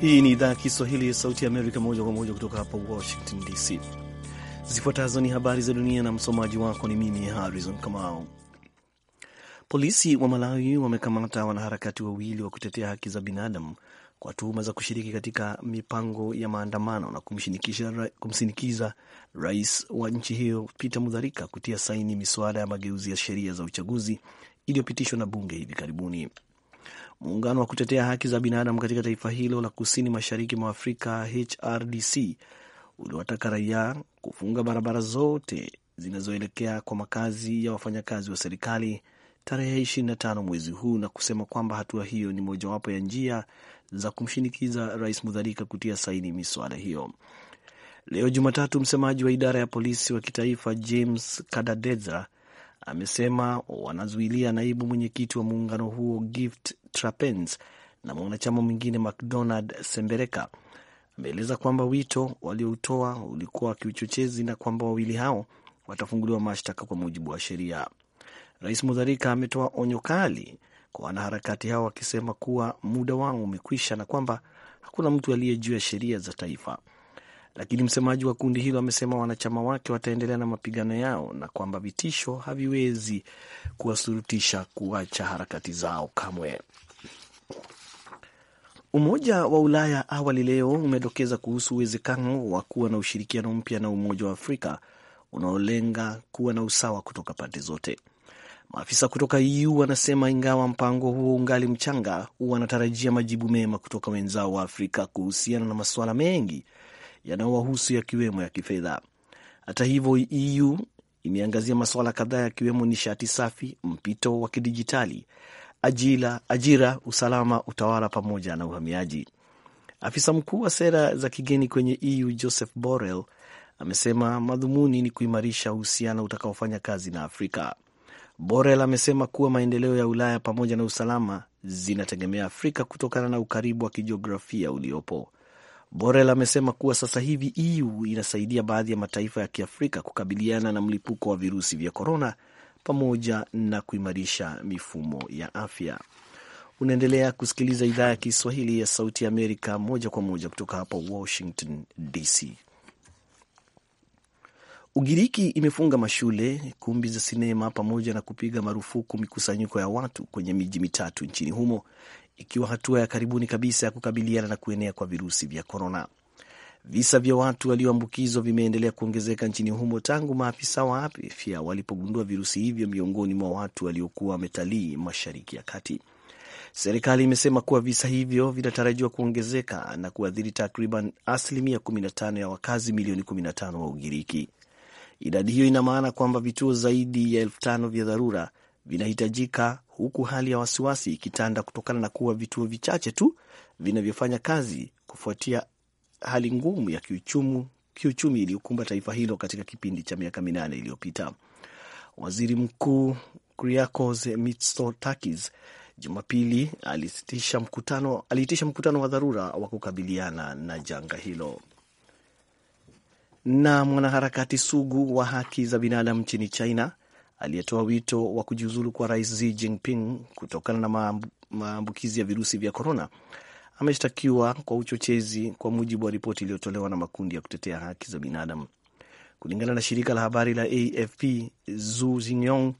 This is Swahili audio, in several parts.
Hii ni idhaa ya Kiswahili ya Sauti ya Amerika, moja kwa moja kutoka hapa Washington DC. Zifuatazo ni habari za dunia na msomaji wako ni mimi Harrison Kamau. Polisi wa Malawi wamekamata wanaharakati wawili wa kutetea haki za binadamu kwa tuhuma za kushiriki katika mipango ya maandamano na kumshinikiza rais wa nchi hiyo Peter Mutharika kutia saini miswada ya mageuzi ya sheria za uchaguzi iliyopitishwa na bunge hivi karibuni. Muungano wa kutetea haki za binadamu katika taifa hilo la kusini mashariki mwa Afrika, HRDC, uliwataka raia kufunga barabara zote zinazoelekea kwa makazi ya wafanyakazi wa serikali tarehe 25 mwezi huu na kusema kwamba hatua hiyo ni mojawapo ya njia za kumshinikiza Rais Mudharika kutia saini miswada hiyo. Leo Jumatatu, msemaji wa idara ya polisi wa kitaifa James Kadadeza amesema wanazuilia naibu mwenyekiti wa muungano huo Gift Trapens na mwanachama mwingine McDonald Sembereka ameeleza kwamba wito walioutoa ulikuwa kiuchochezi na kwamba wawili hao watafunguliwa mashtaka kwa mujibu wa sheria. Rais Mudharika ametoa onyo kali kwa wanaharakati hao akisema kuwa muda wao umekwisha na kwamba hakuna mtu aliye juu ya sheria za taifa. Lakini msemaji wa kundi hilo amesema wanachama wake wataendelea na mapigano yao na kwamba vitisho haviwezi kuwasurutisha kuacha harakati zao kamwe. Umoja wa Ulaya awali leo umedokeza kuhusu uwezekano wa kuwa na ushirikiano mpya na Umoja wa Afrika unaolenga kuwa na usawa kutoka pande zote. Maafisa kutoka EU wanasema ingawa mpango huo ungali mchanga, wanatarajia majibu mema kutoka wenzao wa Afrika kuhusiana na masuala mengi yanayowahusu yakiwemo ya kifedha. Hata hivyo, EU imeangazia masuala kadhaa yakiwemo nishati safi, mpito wa kidijitali ajira, ajira, usalama, utawala pamoja na uhamiaji. Afisa mkuu wa sera za kigeni kwenye EU Joseph Borrell amesema madhumuni ni kuimarisha uhusiano utakaofanya kazi na Afrika. Borrell amesema kuwa maendeleo ya Ulaya pamoja na usalama zinategemea Afrika kutokana na ukaribu wa kijiografia uliopo. Borrell amesema kuwa sasa hivi EU inasaidia baadhi ya mataifa ya Kiafrika kukabiliana na mlipuko wa virusi vya korona pamoja na kuimarisha mifumo ya afya. Unaendelea kusikiliza idhaa ya Kiswahili ya Sauti ya Amerika moja kwa moja kutoka hapa Washington DC. Ugiriki imefunga mashule, kumbi za sinema pamoja na kupiga marufuku mikusanyiko ya watu kwenye miji mitatu nchini humo, ikiwa hatua ya karibuni kabisa ya kukabiliana na kuenea kwa virusi vya korona. Visa vya watu walioambukizwa vimeendelea kuongezeka nchini humo tangu maafisa wa afya walipogundua virusi hivyo miongoni mwa watu waliokuwa wametalii Mashariki ya Kati. Serikali imesema kuwa visa hivyo vinatarajiwa kuongezeka na kuathiri takriban asilimia 15 ya wakazi milioni 15 wa Ugiriki. Idadi hiyo ina maana kwamba vituo zaidi ya elfu tano vya dharura vinahitajika, huku hali ya wasiwasi ikitanda kutokana na kuwa vituo vichache tu vinavyofanya kazi kufuatia hali ngumu ya kiuchumi, kiuchumi iliyokumba taifa hilo katika kipindi cha miaka minane iliyopita. Waziri Mkuu kriakos Mitsotakis Jumapili aliitisha mkutano, mkutano wa dharura wa kukabiliana na janga hilo. Na mwanaharakati sugu wa haki za binadamu nchini China aliyetoa wito wa kujiuzulu kwa Rais Xi Jinping kutokana na maambukizi ya virusi vya korona ameshtakiwa kwa uchochezi, kwa mujibu wa ripoti iliyotolewa na makundi ya kutetea haki za binadamu. Kulingana na shirika la habari la AFP, Zu Zinyong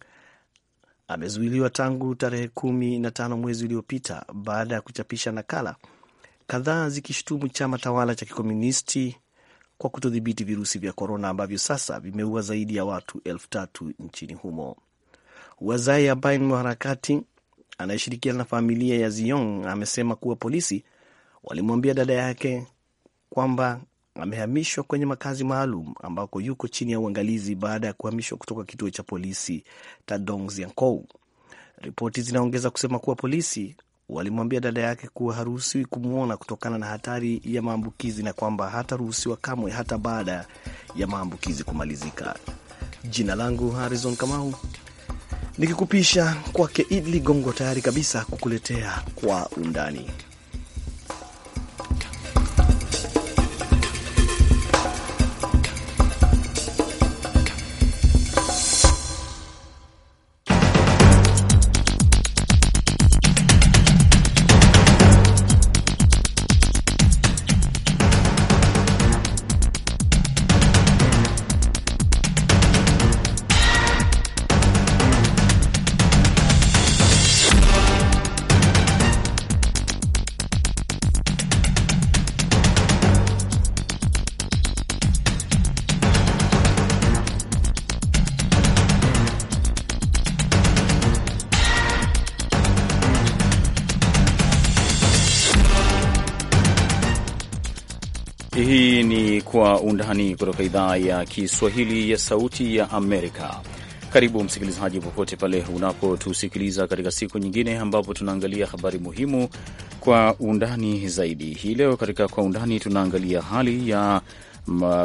amezuiliwa tangu tarehe kumi na tano mwezi uliopita baada ya kuchapisha nakala kadhaa zikishutumu chama tawala cha kikomunisti kwa kutodhibiti virusi vya korona ambavyo sasa vimeua zaidi ya watu elfu tatu nchini humo. Wazai ambaye ni mwanaharakati anayeshirikiana na familia ya Zion amesema kuwa polisi walimwambia dada yake kwamba amehamishwa kwenye makazi maalum ambako yuko chini ya uangalizi baada ya kuhamishwa kutoka kituo cha polisi Tadong Ziankou. Ripoti zinaongeza kusema kuwa polisi walimwambia dada yake kuwa haruhusiwi kumwona kutokana na hatari ya maambukizi na kwamba hataruhusiwa kamwe hata baada ya maambukizi kumalizika. Jina langu Harrison Kamau nikikupisha kwake Idli Gongo, tayari kabisa kukuletea kwa undani. kutoka idhaa ya Kiswahili ya Sauti ya Amerika. Karibu msikilizaji, popote pale unapotusikiliza katika siku nyingine ambapo tunaangalia habari muhimu kwa undani zaidi. Hii leo katika kwa undani tunaangalia hali ya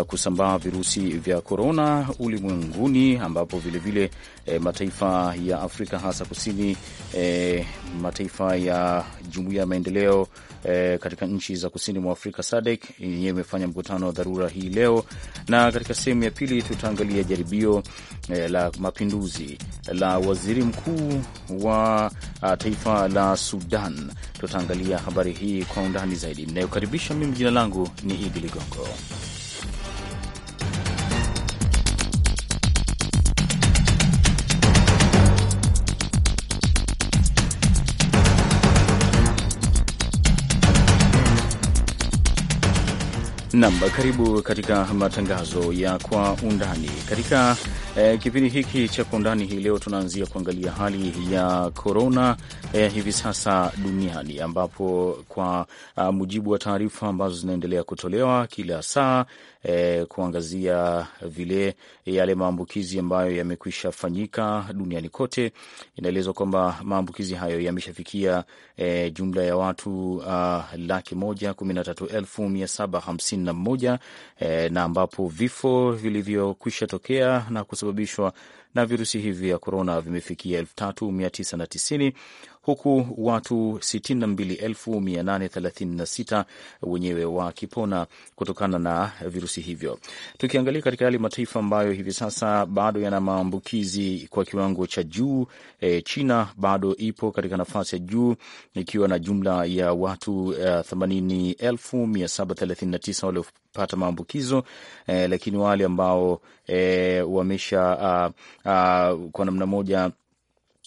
kusambaa virusi vya korona ulimwenguni, ambapo vilevile vile, e, mataifa ya Afrika hasa kusini, e, mataifa ya jumuiya ya maendeleo e, katika nchi za kusini mwa Afrika SADC yenyewe imefanya mkutano wa dharura hii leo, na katika sehemu ya pili tutaangalia jaribio e, la mapinduzi la waziri mkuu wa a, taifa la Sudan. Tutaangalia habari hii kwa undani zaidi. Ninayokaribisha mimi, jina langu ni Idi Ligongo. Nam, karibu katika matangazo ya kwa undani katika E, kipindi hiki cha Kwa Undani hii leo tunaanzia kuangalia hali ya korona e, eh, hivi sasa duniani ambapo kwa a, ah, mujibu wa taarifa ambazo zinaendelea kutolewa kila saa e, kuangazia vile yale maambukizi ambayo yamekwisha fanyika duniani kote, inaelezwa kwamba maambukizi hayo yameshafikia e, jumla ya watu a, ah, laki moja kumi na tatu elfu mia saba hamsini na moja e, na ambapo vifo vilivyokwisha tokea na kus vinavyosababishwa na virusi hivi vya korona vimefikia tisini huku watu 62836 wenyewe wakipona kutokana na virusi hivyo. Tukiangalia katika yale mataifa ambayo hivi sasa bado yana maambukizi kwa kiwango cha juu, e, China bado ipo katika nafasi ya juu ikiwa na jumla ya watu e, uh, 80,739 waliopata maambukizo eh, lakini wale ambao eh, wamesha uh, uh, kwa namna moja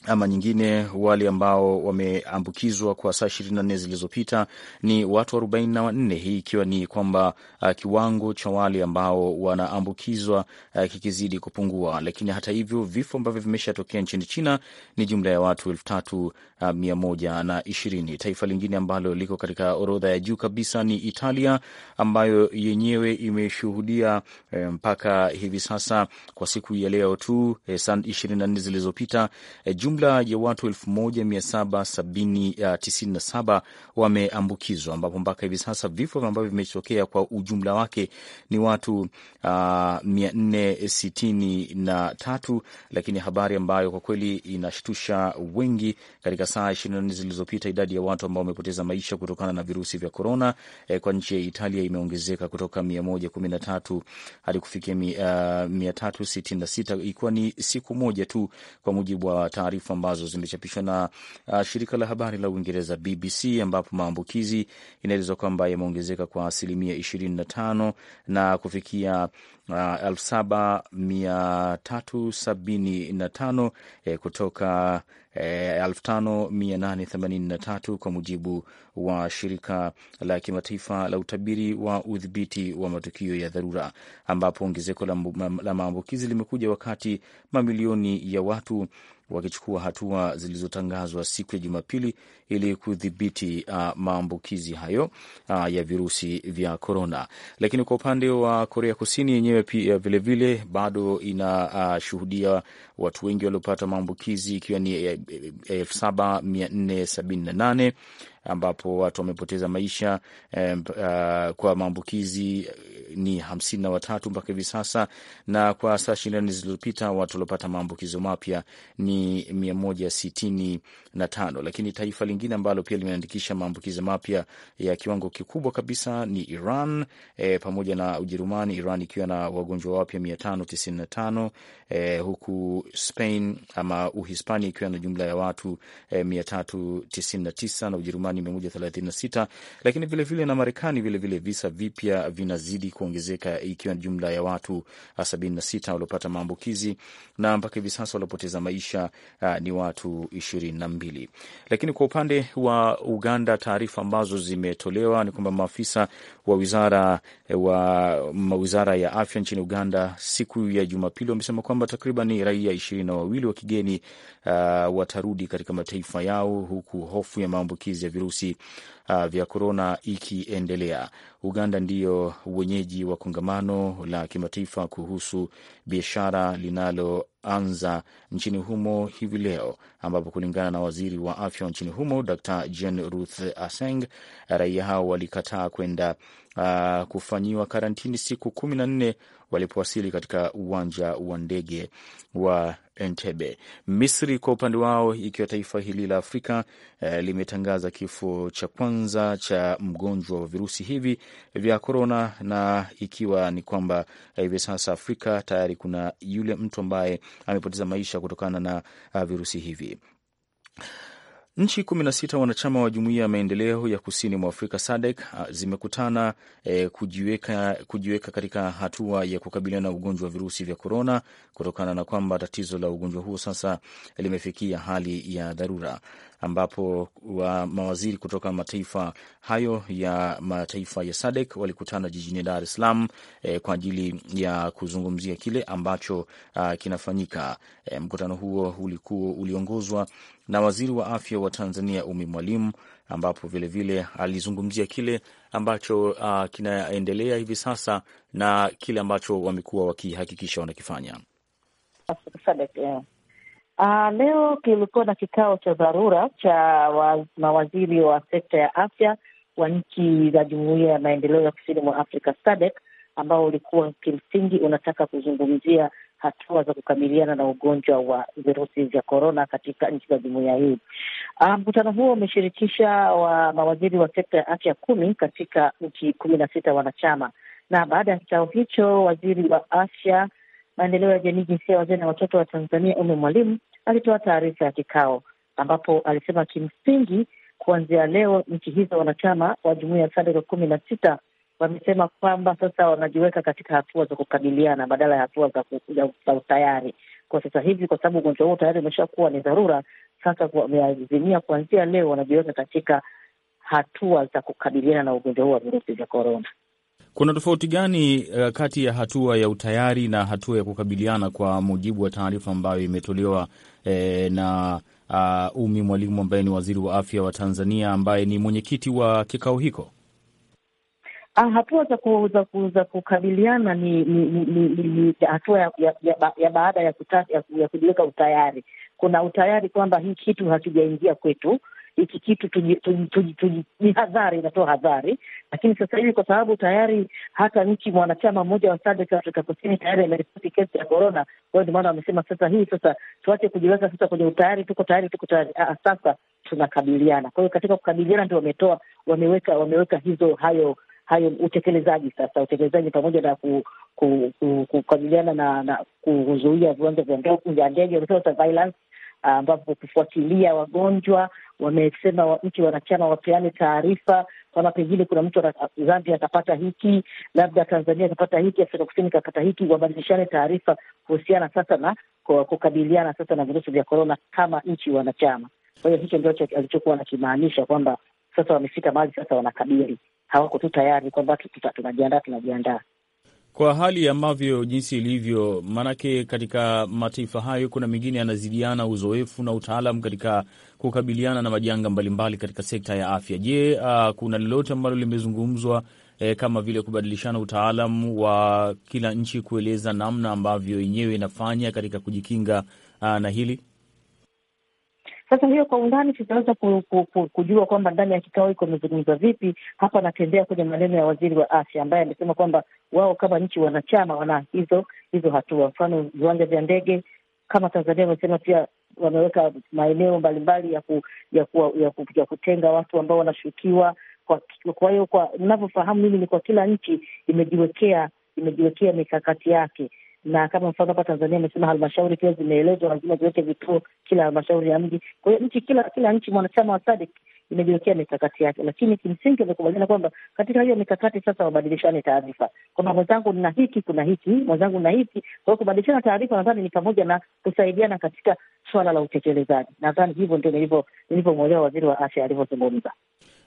ama nyingine, wale ambao wameambukizwa kwa saa ishirini na nne zilizopita ni watu arobaini na wanne, hii ikiwa ni kwamba uh, kiwango cha wale ambao wanaambukizwa uh, kikizidi kupungua. Lakini hata hivyo vifo ambavyo vimeshatokea nchini China ni jumla ya watu elfu tatu uh, mia moja na ishirini. Taifa lingine ambalo liko katika orodha ya juu kabisa ni Italia ambayo yenyewe imeshuhudia eh, mpaka hivi sasa kwa siku ya leo tu eh, saa ishirini na nne zilizopita eh, jumla ya watu 1797 eh, wameambukizwa, ambapo mpaka hivi sasa vifo ambavyo vimetokea kwa ujumla wake ni watu uh, ah, 463, lakini habari ambayo kwa kweli inashtusha wengi, katika saa 24 zilizopita idadi ya watu ambao wamepoteza maisha kutokana na virusi vya korona eh, kwa nchi ya Italia imeongezeka kutoka 113 hadi kufikia 366 ah, ikiwa ni siku moja tu, kwa mujibu wa taarifa taarifa ambazo zimechapishwa na uh, shirika la habari la Uingereza BBC, ambapo maambukizi inaelezwa kwamba yameongezeka kwa asilimia ishirini na tano na kufikia uh, saba mia tatu sabini na tano eh, kutoka 5883 e, kwa mujibu wa shirika la kimataifa la utabiri wa udhibiti wa matukio ya dharura, ambapo ongezeko la maambukizi limekuja wakati mamilioni ya watu wakichukua hatua zilizotangazwa siku ya Jumapili ili kudhibiti uh, maambukizi hayo uh, ya virusi vya korona. Lakini kwa upande wa Korea Kusini yenyewe pia vilevile bado inashuhudia uh, watu wengi waliopata maambukizi ikiwa ni e, Eh, eh, elfu saba mia nne sabini na nane ambapo watu wamepoteza maisha eh, uh, kwa maambukizi eh, ni hamsini na watatu mpaka hivi sasa, na kwa saa ishirini na zilizopita watu waliopata maambukizo mapya ni mia moja sitini na tano. Lakini taifa lingine ambalo pia limeandikisha maambukizi mapya ya kiwango kikubwa kabisa ni Iran e, pamoja na Ujerumani, Iran ikiwa na wagonjwa wapya mia tano tisini na tano e, huku Spain ama Uhispania ikiwa na jumla ya watu eh, mia tatu tisini na tisa na Ujerumani Marekani 136 lakini vilevile vile na Marekani vilevile visa vipya vinazidi kuongezeka ikiwa jumla ya watu 76 ah, waliopata maambukizi na mpaka hivi sasa waliopoteza maisha uh, ni watu 22. Lakini kwa upande wa Uganda, taarifa ambazo zimetolewa ni kwamba maafisa wa wizara eh, wa mawizara ya afya nchini Uganda siku ya Jumapili wamesema kwamba takriban raia ishirini na wawili wa kigeni uh, watarudi katika mataifa yao huku hofu ya maambukizi ya virusi virusi uh, vya korona ikiendelea. Uganda ndiyo wenyeji wa kongamano la kimataifa kuhusu biashara linaloanza nchini humo hivi leo, ambapo kulingana na waziri wa afya nchini humo Dr Jane Ruth Aseng, raia hao walikataa kwenda uh, kufanyiwa karantini siku kumi na nne walipowasili katika uwanja wa ndege wa Entebbe. Misri kwa upande wao, ikiwa taifa hili la Afrika eh, limetangaza kifo cha kwanza kwanza cha mgonjwa wa virusi hivi vya korona, na ikiwa ni kwamba eh, hivi sasa Afrika tayari kuna yule mtu ambaye amepoteza maisha kutokana na ah, virusi hivi. Nchi 16 wanachama wa jumuiya ya maendeleo ya kusini mwa Afrika SADC ah, zimekutana e, kujiweka, kujiweka katika hatua ya kukabiliana na ugonjwa wa virusi vya korona, kutokana na kwamba tatizo la ugonjwa huo sasa limefikia hali ya dharura, ambapo wa mawaziri kutoka mataifa hayo ya mataifa ya SADC walikutana jijini Dar es Salaam e, kwa ajili ya kuzungumzia kile ambacho a, ah, kinafanyika. E, mkutano huo ulikuwa uliongozwa na waziri wa afya wa Tanzania Umi Mwalimu, ambapo vilevile alizungumzia kile ambacho uh, kinaendelea hivi sasa na kile ambacho wamekuwa wakihakikisha wanakifanya. Uh, leo kilikuwa na kikao cha dharura cha mawaziri wa sekta ya afya wa nchi za Jumuiya ya Maendeleo ya Kusini mwa Afrika SADC ambao ulikuwa kimsingi unataka kuzungumzia hatua za kukabiliana na ugonjwa wa virusi vya korona katika nchi za jumuiya hii. Ah, mkutano um, huo umeshirikisha wa mawaziri wa sekta ya afya kumi katika nchi kumi na sita wanachama. Na baada ya kikao hicho, waziri wa afya, maendeleo ya jamii, jinsia, wazee na watoto wa Tanzania Ume Mwalimu alitoa taarifa ya kikao ambapo alisema kimsingi kuanzia leo nchi hizo wanachama wa jumuiya ya SADC kumi na sita wamesema kwamba sasa wanajiweka katika hatua za kukabiliana badala ya hatua za, za utayari kwa sasa hivi, kwa sababu ugonjwa huo tayari umeshakuwa ni dharura. Sasa wameazimia kuanzia leo wanajiweka katika hatua za kukabiliana na ugonjwa huo wa virusi vya korona. Kuna tofauti gani uh, kati ya hatua ya utayari na hatua ya kukabiliana, kwa mujibu wa taarifa ambayo imetolewa eh, na uh, Umi Mwalimu ambaye ni waziri wa afya wa Tanzania ambaye ni mwenyekiti wa kikao hiko? Ah, hatua za kuza kuza kukabiliana ni ni, ni, ni, ni hatua ya, ya, ya, ya baada ya, ya, ya kujiweka utayari. Kuna utayari kwamba hii kitu hakijaingia kwetu, hiki kitu ni hadhari, inatoa hadhari. Lakini sasa hivi kwa sababu tayari hata nchi mwanachama mmoja wa SADC Afrika Kusini tayari ameripoti kesi ya korona, kwa hiyo ndio maana wamesema sasa hii sasa tuache kujiweka sasa kwenye utayari, tuko tayari, tuko tayari, ah, ah sasa tunakabiliana. Kwa hiyo katika kukabiliana ndio wametoa wameweka wameweka hizo hayo hayo utekelezaji. Sasa utekelezaji pamoja na kukabiliana ku, ku, na, na kuzuia viwanja vya ndege surveillance ambapo ah, kufuatilia wagonjwa. Wamesema wa nchi wanachama wapeane taarifa kama pengine kuna mtu Zambia atapata hiki, labda Tanzania atapata hiki, Afrika Kusini atapata hiki, wabadilishane taarifa kuhusiana sasa na kukabiliana sasa na virusi vya korona kama nchi wanachama. Kwa hiyo hicho ndio alichokuwa anakimaanisha kwamba sasa wamefika mahali sasa wanakabili hawako tu tayari kwamba tunajiandaa tunajiandaa kwa hali ambavyo jinsi ilivyo, maanake katika mataifa hayo kuna mengine yanazidiana uzoefu na utaalam katika kukabiliana na majanga mbalimbali katika sekta ya afya. Je, uh, kuna lolote ambalo limezungumzwa eh, kama vile kubadilishana utaalam wa kila nchi kueleza namna ambavyo yenyewe inafanya katika kujikinga uh, na hili? Sasa hiyo kwa undani tutaweza ku, ku, ku, kujua kwamba ndani ya kikao hiko imezungumza vipi. Hapa anatembea kwenye maneno ya waziri wa afya ambaye amesema kwamba wao kama nchi wanachama wana hizo hizo hatua, mfano viwanja vya ndege kama Tanzania wamesema pia wameweka maeneo mbalimbali ya, ku, ya, ku, ya, ku, ya kutenga watu ambao wanashukiwa. Kwa hiyo kwa ninavyofahamu mimi ni kwa kila nchi imejiwekea imejiwekea mikakati yake na kama mfano hapa Tanzania amesema halmashauri pia zimeelezwa lazima ziweke vituo kila halmashauri ya mji. Kwa hiyo nchi kila kila nchi mwanachama wa SADC imejiwekea mikakati yake, lakini kimsingi amekubaliana kwamba katika hiyo mikakati sasa wabadilishane taarifa, kwamba mwenzangu nina hiki, kuna hiki, mwenzangu nina hiki. Kwa hiyo kubadilishana taarifa nadhani ni pamoja na kusaidiana katika swala la utekelezaji. Nadhani hivyo ndio nilivyomwelewa waziri wa afya alivyozungumza.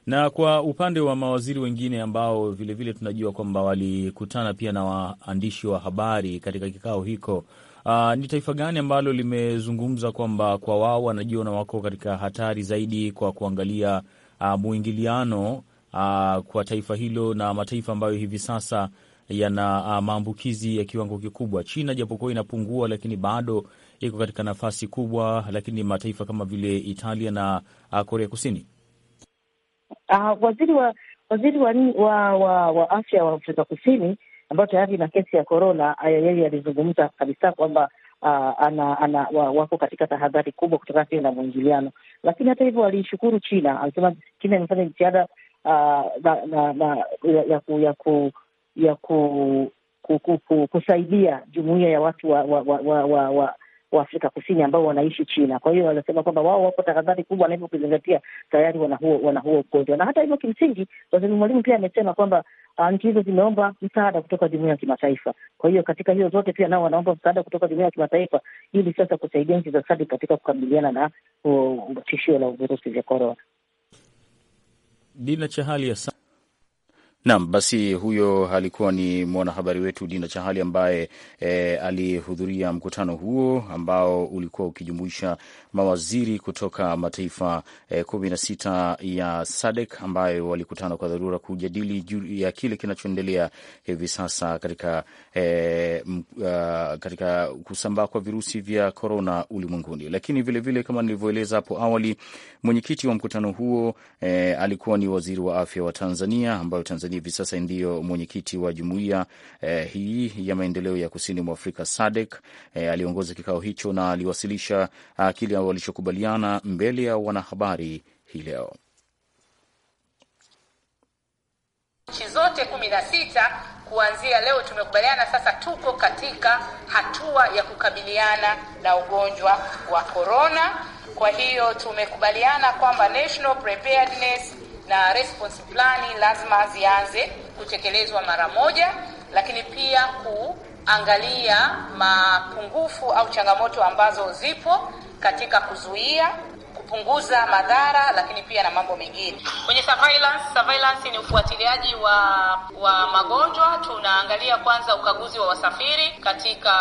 Na kwa upande wa mawaziri wengine ambao vilevile vile tunajua kwamba walikutana pia na waandishi wa habari katika kikao hiko uh, ah, ni taifa gani ambalo limezungumza kwamba kwa wao wanajiona wako katika hatari zaidi kwa kuangalia uh, mwingiliano uh, kwa taifa hilo na mataifa ambayo hivi sasa yana uh, maambukizi ya kiwango kikubwa. China japokuwa inapungua, lakini bado iko katika nafasi kubwa, lakini mataifa kama vile Italia na uh, Korea Kusini Uh, waziri wa waziri wa, wa, wa, wa afya wa Afrika Kusini ambayo tayari ina kesi ya korona, ah, yeye alizungumza kabisa kwamba uh, ana, ana, wa, wako katika tahadhari kubwa kutokana na mwingiliano, lakini hata hivyo alishukuru China, alisema China imefanya jitihada ya kusaidia jumuia ya watu wa, wa, wa, wa, wa, wa Waafrika Kusini ambao wanaishi China. Kwa hiyo wanasema kwamba wao wako tahadhari kubwa, na hivyo ukizingatia tayari wana huo wana huo ugonjwa. Na hata hivyo, kimsingi waziri mwalimu pia amesema kwamba ah, nchi hizo zimeomba msaada kutoka jumuiya ya kimataifa. Kwa hiyo katika hiyo zote pia nao wanaomba msaada kutoka jumuiya ya kimataifa ili sasa kusaidia nchi za SADC katika kukabiliana na uh, tishio la virusi vya korona. Dina hali ya Naam, basi huyo alikuwa ni mwanahabari wetu Dina Chahali ambaye e, alihudhuria mkutano huo ambao ulikuwa ukijumuisha mawaziri kutoka mataifa e, kumi na sita ya SADC ambayo walikutana kwa dharura kujadili juu ya kile kinachoendelea hivi sasa katika, e, m, ah, katika kusambaa kwa virusi vya korona ulimwenguni. Lakini vilevile vile, kama nilivyoeleza hapo awali, mwenyekiti wa mkutano huo e, alikuwa ni waziri wa afya wa Tanzania ambayo Tanzania hivi sasa ndiyo mwenyekiti wa jumuiya eh, hii ya maendeleo ya kusini mwa Afrika SADC. Eh, aliongoza kikao hicho na aliwasilisha ah, kile walichokubaliana mbele ya wanahabari hii leo. Nchi zote kumi na sita kuanzia leo tumekubaliana sasa, tuko katika hatua ya kukabiliana na ugonjwa wa korona. Kwa hiyo tumekubaliana kwamba national preparedness na response plani lazima zianze kutekelezwa mara moja, lakini pia kuangalia mapungufu au changamoto ambazo zipo katika kuzuia kupunguza madhara, lakini pia na mambo mengine kwenye surveillance. Surveillance ni ufuatiliaji wa wa magonjwa. Tunaangalia kwanza ukaguzi wa wasafiri katika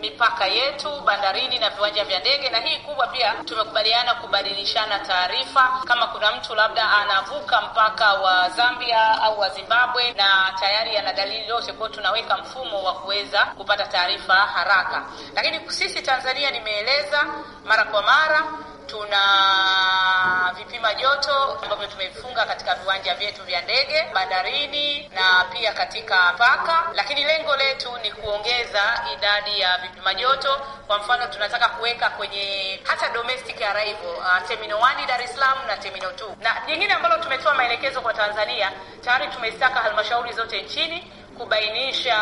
mipaka yetu, bandarini na viwanja vya ndege, na hii kubwa pia tumekubaliana kubadilishana taarifa kama kuna mtu labda anavuka mpaka wa Zambia au wa Zimbabwe na tayari ana dalili yote, kwa tunaweka mfumo wa kuweza kupata taarifa haraka. Lakini sisi Tanzania, nimeeleza mara kwa mara tuna vipima joto ambavyo tumevifunga katika viwanja vyetu vya ndege bandarini na pia katika paka lakini lengo letu ni kuongeza idadi ya vipima joto. Kwa mfano, tunataka kuweka kwenye hata domestic arrival uh, terminal 1 Dar es Salaam na terminal 2. Na jingine ambalo tumetoa maelekezo kwa Tanzania, tayari tumezitaka halmashauri zote nchini kubainisha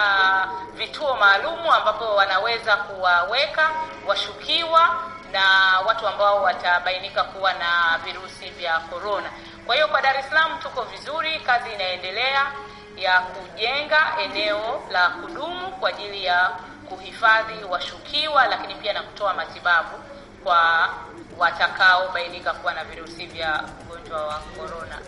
vituo maalumu ambapo wanaweza kuwaweka washukiwa na watu ambao watabainika kuwa na virusi vya korona. Kwa hiyo kwa Dar es Salaam tuko vizuri, kazi inaendelea ya kujenga eneo la kudumu kwa ajili ya kuhifadhi washukiwa, lakini pia na kutoa matibabu kwa watakaobainika kuwa na virusi vya ugonjwa wa korona.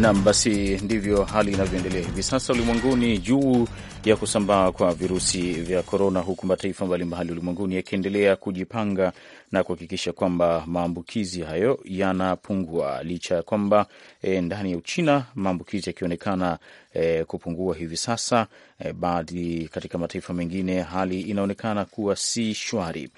Nam, basi ndivyo hali inavyoendelea hivi sasa ulimwenguni juu ya kusambaa kwa virusi vya korona, huku mataifa mbalimbali ulimwenguni yakiendelea kujipanga na kuhakikisha kwamba maambukizi hayo yanapungua, licha ya kwamba e, ndani ya Uchina maambukizi yakionekana e, kupungua hivi sasa e, baadhi katika mataifa mengine hali inaonekana kuwa si shwari.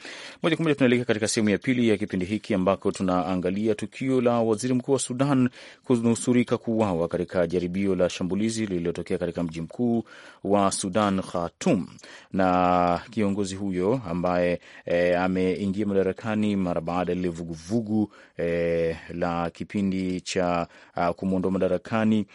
Moja kwa moja tunaelekea katika sehemu ya pili ya kipindi hiki ambako tunaangalia tukio la waziri mkuu wa Sudan kunusurika kuuawa katika jaribio la shambulizi lililotokea katika mji mkuu wa Sudan Khartoum, na kiongozi huyo ambaye e, ameingia madarakani mara baada ya lile vuguvugu e, la kipindi cha kumwondoa madarakani.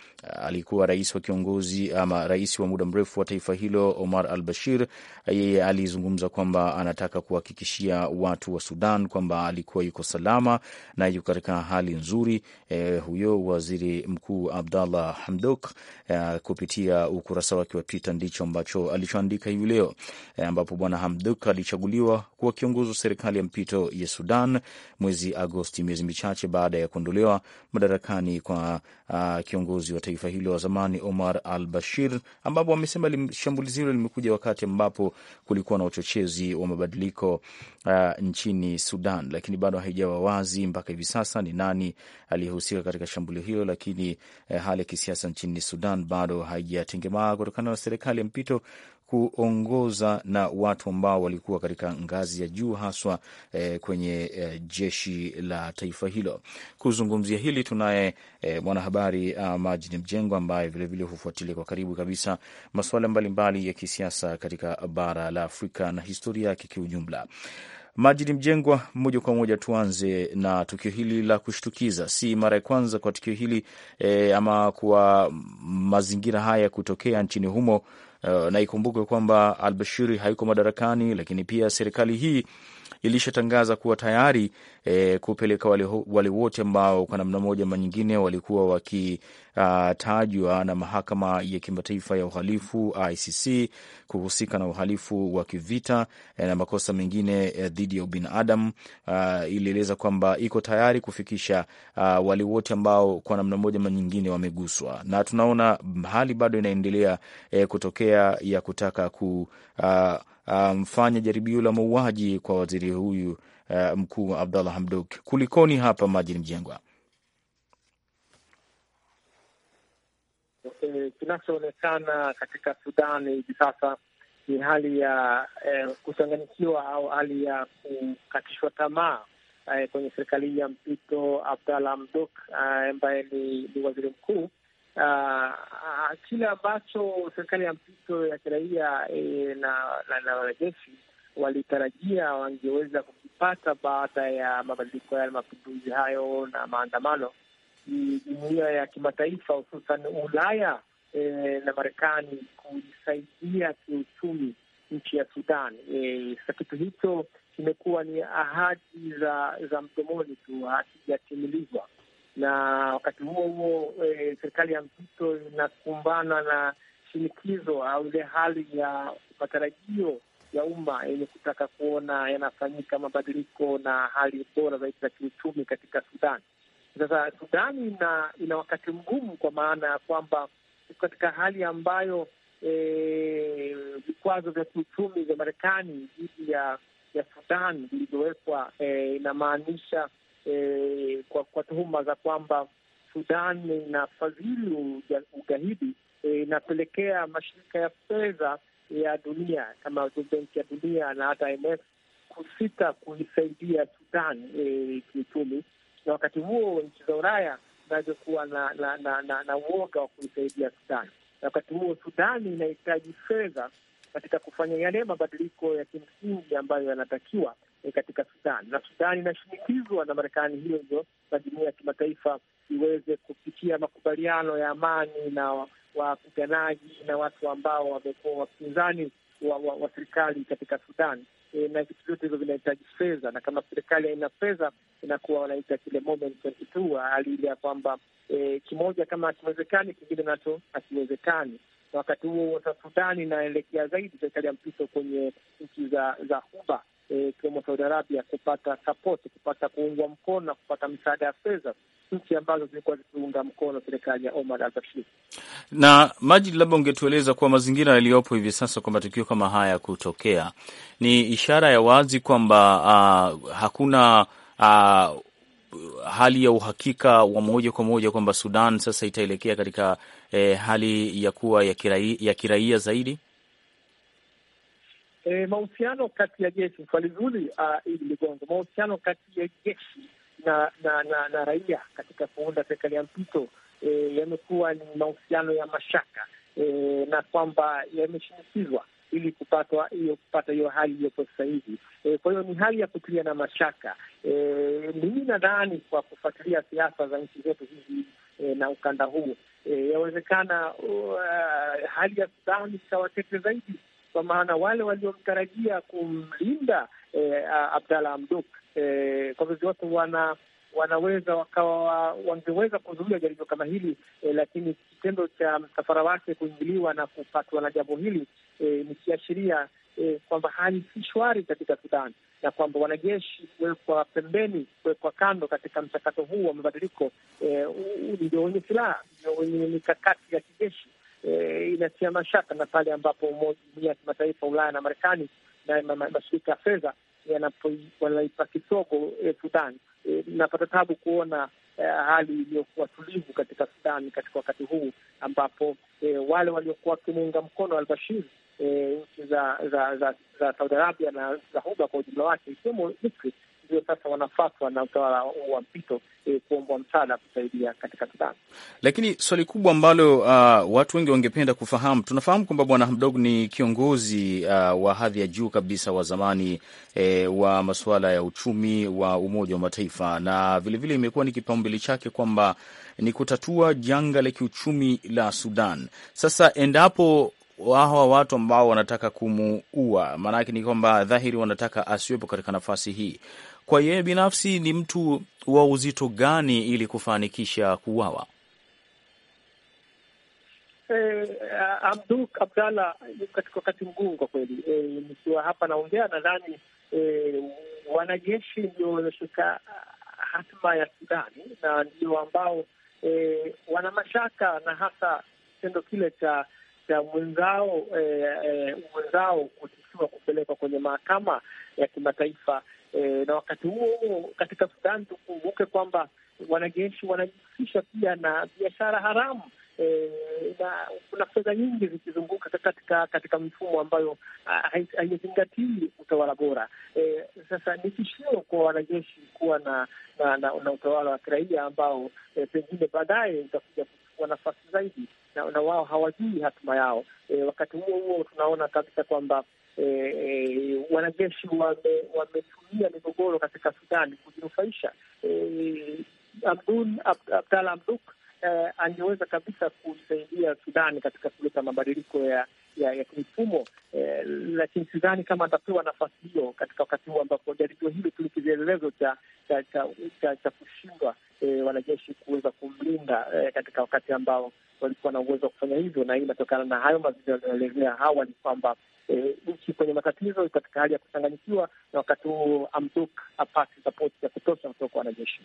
Alikuwa rais wa kiongozi ama rais wa muda mrefu wa taifa hilo Omar al Bashir. Yeye alizungumza kwamba anataka kuhakikishia watu wa Sudan kwamba alikuwa yuko salama na yuko katika hali nzuri. E, huyo waziri mkuu Abdallah Hamdok e, kupitia ukurasa wake wa Twitter ndicho ambacho alichoandika hivi leo e, ambapo bwana Hamduk alichaguliwa kuwa kiongozi wa serikali ya mpito ya Sudan mwezi Agosti, miezi michache baada ya kuondolewa madarakani kwa a, ah, kiongozi wa taifa hilo wa zamani Omar al Bashir, ambapo amesema shambulizi hilo limekuja wakati ambapo kulikuwa na uchochezi wa mabadiliko a, ah, nchini Sudan, lakini bado haijawa wazi mpaka hivi sasa ni nani aliyehusika katika shambulio hilo, lakini e, hali ya kisiasa nchini Sudan bado haijatengemaa kutokana na serikali serikali ya mpito kuongoza na watu ambao walikuwa katika ngazi ya juu haswa e, kwenye e, jeshi la taifa hilo. Kuzungumzia hili tunaye e, mwanahabari ah, Majid Mjengo ambaye vilevile hufuatilia kwa karibu kabisa masuala mbalimbali ya kisiasa katika bara la Afrika na historia yake kiujumla. Majid Mjengwa, moja kwa moja tuanze na tukio hili la kushtukiza. Si mara ya kwanza kwa tukio hili e, ama kwa mazingira haya kutokea nchini humo Eh, na ikumbukwe kwamba Albashiri haiko madarakani, lakini pia serikali hii ilishatangaza kuwa tayari e, kupeleka wale, wale wote ambao kwa namna moja ama nyingine walikuwa wakitajwa uh, na mahakama ya kimataifa ya uhalifu ICC kuhusika na uhalifu wa kivita e, na makosa mengine e, dhidi ya ubinadamu. Uh, ilieleza kwamba iko tayari kufikisha a, uh, wale wote ambao kwa namna moja ama nyingine wameguswa, na tunaona hali bado inaendelea e, kutokea ya kutaka ku a, mfanya um, jaribio la mauaji kwa waziri huyu uh, mkuu Abdallah Hamdok. Kulikoni hapa Majini Mjengwa? Eh, kinachoonekana katika Sudani hivi sasa ni hali ya eh, kuchanganyikiwa au hali ya kukatishwa tamaa eh, kwenye serikali ya mpito abdalah Hamdok eh, ambaye eh, ni, ni waziri mkuu Ah, ah, kile ambacho serikali ya mpito ya kiraia e, na wanajeshi walitarajia wangeweza kukipata baada ya mabadiliko ya mapinduzi hayo na maandamano, jumuia ya kimataifa hususan Ulaya e, na Marekani kuisaidia kiuchumi nchi ya Sudan. Eh, sasa kitu hicho kimekuwa ni ahadi za za mdomoni tu, hakijatimilizwa na wakati huo huo e, serikali ya mpito inakumbana na shinikizo au ile hali ya matarajio ya umma yenye kutaka kuona yanafanyika mabadiliko na hali bora zaidi za kiuchumi katika Sudan. Sasa Sudani ina, ina wakati mgumu kwa maana ya kwamba katika hali ambayo eh, vikwazo e, vya kiuchumi vya Marekani dhidi ya ya Sudan vilivyowekwa e, inamaanisha eh, kwa, kwa tuhuma za kwamba Sudan inafadhili ugaidi eh, inapelekea mashirika ya fedha ya dunia kama Benki ya Dunia na hata IMF kusita kuisaidia Sudan e, kiuchumi, na wakati huo nchi za Ulaya zinazokuwa na na, na, na na uoga wa kuisaidia Sudan, na wakati huo Sudani inahitaji fedha katika kufanya yale mabadiliko ya kimsingi ambayo yanatakiwa Eh, katika Sudan, na Sudan inashinikizwa na Marekani hiyo ndio na jumuia ya kimataifa iweze kufikia makubaliano ya amani na wapiganaji na watu ambao wamekuwa wapinzani wa, wa, wa serikali katika Sudan. E, na vitu vyote hivyo vinahitaji fedha, na kama serikali haina fedha inakuwa wanaita kile moment hali ile ya kwamba e, kimoja kama hakiwezekani kingine nacho hakiwezekani. Na wakati huo sasa Sudani inaelekea zaidi serikali ya mpito kwenye nchi za, za huba ikiwemo e, Saudi Arabia kupata sapoti, kupata kuungwa mkono na kupata msaada ya fedha, nchi ambazo zilikuwa zikiunga mkono serikali ya Omar al Bashir. Na Majid, labda ungetueleza kwa mazingira yaliyopo hivi sasa, kwa matukio kama haya kutokea, ni ishara ya wazi kwamba uh, hakuna uh, hali ya uhakika wa moja kwa moja kwamba Sudan sasa itaelekea katika eh, hali ya kuwa ya kiraia zaidi e, mahusiano kati ya jeshi uh, ah, ili ligongo mahusiano kati ya jeshi na na, na na raia katika kuunda serikali ya mpito e, yamekuwa ni mahusiano ya mashaka e, na kwamba yameshinikizwa ili kupatwa hiyo kupata hiyo hali iliyopo sasa hivi. E, kwa hiyo ni hali ya kutilia na mashaka. Mimi nadhani kwa kufuatilia siasa za nchi zetu hizi e, na ukanda huu e, yawezekana uh, hali ya Sudani ikawa tete zaidi kwa maana wale waliomtarajia kumlinda eh, Abdalla Hamdok eh, kwa vyovyote wana wanaweza wakawa wangeweza kuzuia jaribio kama hili eh, lakini kitendo cha msafara wake kuingiliwa na kupatwa na jambo hili eh, ni kiashiria eh, kwamba hali si shwari katika Sudan na kwamba wanajeshi kuwekwa pembeni, kuwekwa kando katika mchakato huu wa mabadiliko eh, ndio wenye silaha, ndio wenye mikakati ya kijeshi eh, inatia mashaka na pale ambapo jumuia ya kimataifa Ulaya na Marekani na mashirika ya fedha wanaipa kisogo eh, Sudan. Eh, napata tabu kuona eh, hali iliyokuwa tulivu katika Sudan katika wakati huu ambapo eh, wale waliokuwa wakimuunga mkono Albashir e, nchi eh, za, za, za, za Saudi Arabia na za Ghuba kwa ujumla wake ikiwemo Misri ndio sasa wanafatwa na utawala wa mpito e, kuomba msaada kusaidia katika Sudan. Lakini swali kubwa ambalo uh, watu wengi wangependa kufahamu, tunafahamu kwamba Bwana Hamdok ni kiongozi uh, wa hadhi ya juu kabisa wa zamani eh, wa masuala ya uchumi wa Umoja wa Mataifa, na vilevile imekuwa ni kipaumbele chake kwamba ni kutatua janga la kiuchumi la Sudan. Sasa endapo hawa watu ambao wanataka kumuua, maanake ni kwamba dhahiri wanataka asiwepo katika nafasi hii, kwa yeye binafsi ni mtu wa uzito gani ili kufanikisha kuuawa? Eh, Abdu Abdalla, katika wakati mgumu kwa kweli. Eh, nikiwa hapa naongea, nadhani eh, wanajeshi ndio wameshika hatima ya Sudani na ndio ambao eh, wana mashaka na hasa kitendo kile cha cha mwenzao eh, eh, mwenzao kutikiwa kupelekwa kwenye mahakama ya kimataifa e, na wakati huo huo katika Sudan tukumbuke kwamba wanajeshi wanajihusisha pia na biashara haramu e, na kuna fedha nyingi zikizunguka katika katika mifumo ambayo ah, haizingatii utawala bora e, sasa ni tishio kwa wanajeshi kuwa na na, na, na utawala wa kiraia ambao e, pengine baadaye utakuja kuchukua nafasi zaidi na, na wao hawajui hatima yao e, wakati huo huo tunaona kabisa kwamba Eh, eh, wanajeshi wametumia wame migogoro katika Sudani kujinufaisha. Eh, Abdul Abdalla Abduk eh, angeweza kabisa kusaidia Sudani katika kuleta mabadiliko ya ya, ya kimfumo eh, lakini sidhani kama atapewa nafasi hiyo katika wakati huu ambapo jaribio hili tu ni kielelezo cha cha cha, cha, cha kushindwa eh, wanajeshi kuweza kumlinda eh, katika wakati ambao walikuwa na uwezo wa kufanya hivyo, na hii inatokana na hayo mazingira yaliyoelezea awali kwamba e, nchi kwenye matatizo katika hali ya kuchanganyikiwa, na wakati huo Amduk apati sapoti ya kutosha kutoka kwa wanajeshi.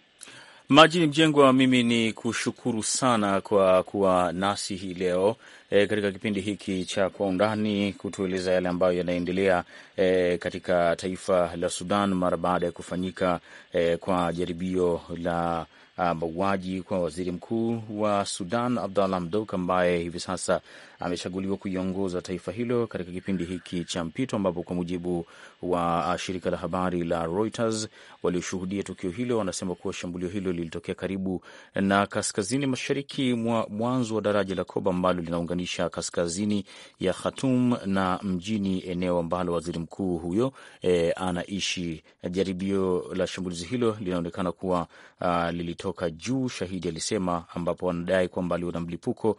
Majini Mjengwa, mimi ni kushukuru sana kwa kuwa nasi hii leo e, katika kipindi hiki cha Kwa Undani kutueleza yale ambayo yanaendelea e, katika taifa la Sudan mara baada ya kufanyika e, kwa jaribio la mauaji kwa waziri mkuu wa Sudan Abdallah Hamdok ambaye hivi sasa amechaguliwa kuiongoza taifa hilo katika kipindi hiki cha mpito, ambapo kwa mujibu wa uh, shirika la habari la Reuters walioshuhudia tukio hilo wanasema kuwa shambulio hilo lilitokea karibu na kaskazini mashariki mwa mwanzo wa daraja la Koba ambalo linaunganisha kaskazini ya Khatum na mjini, eneo ambalo waziri mkuu huyo e, anaishi. Jaribio la shambulizi hilo linaonekana kuwa uh, lilitoka juu, shahidi alisema, ambapo wanadai kwamba aliona mlipuko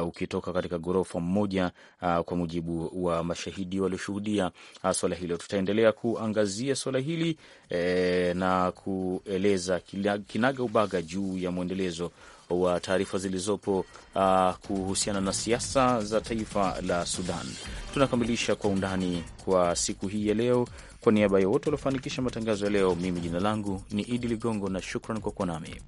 uh, ukitoka katika ghorofa mmoja uh, kwa mujibu wa mashahidi walioshuhudia uh, swala hilo. Tutaendelea kuangazia swala hili eh, na kueleza kinaga ubaga juu ya mwendelezo wa taarifa zilizopo uh, kuhusiana na siasa za taifa la Sudan. Tunakamilisha kwa undani kwa siku hii ya leo. Kwa niaba ya wote waliofanikisha matangazo ya leo, mimi jina langu ni Idi Ligongo na shukran kwa kuwa nami.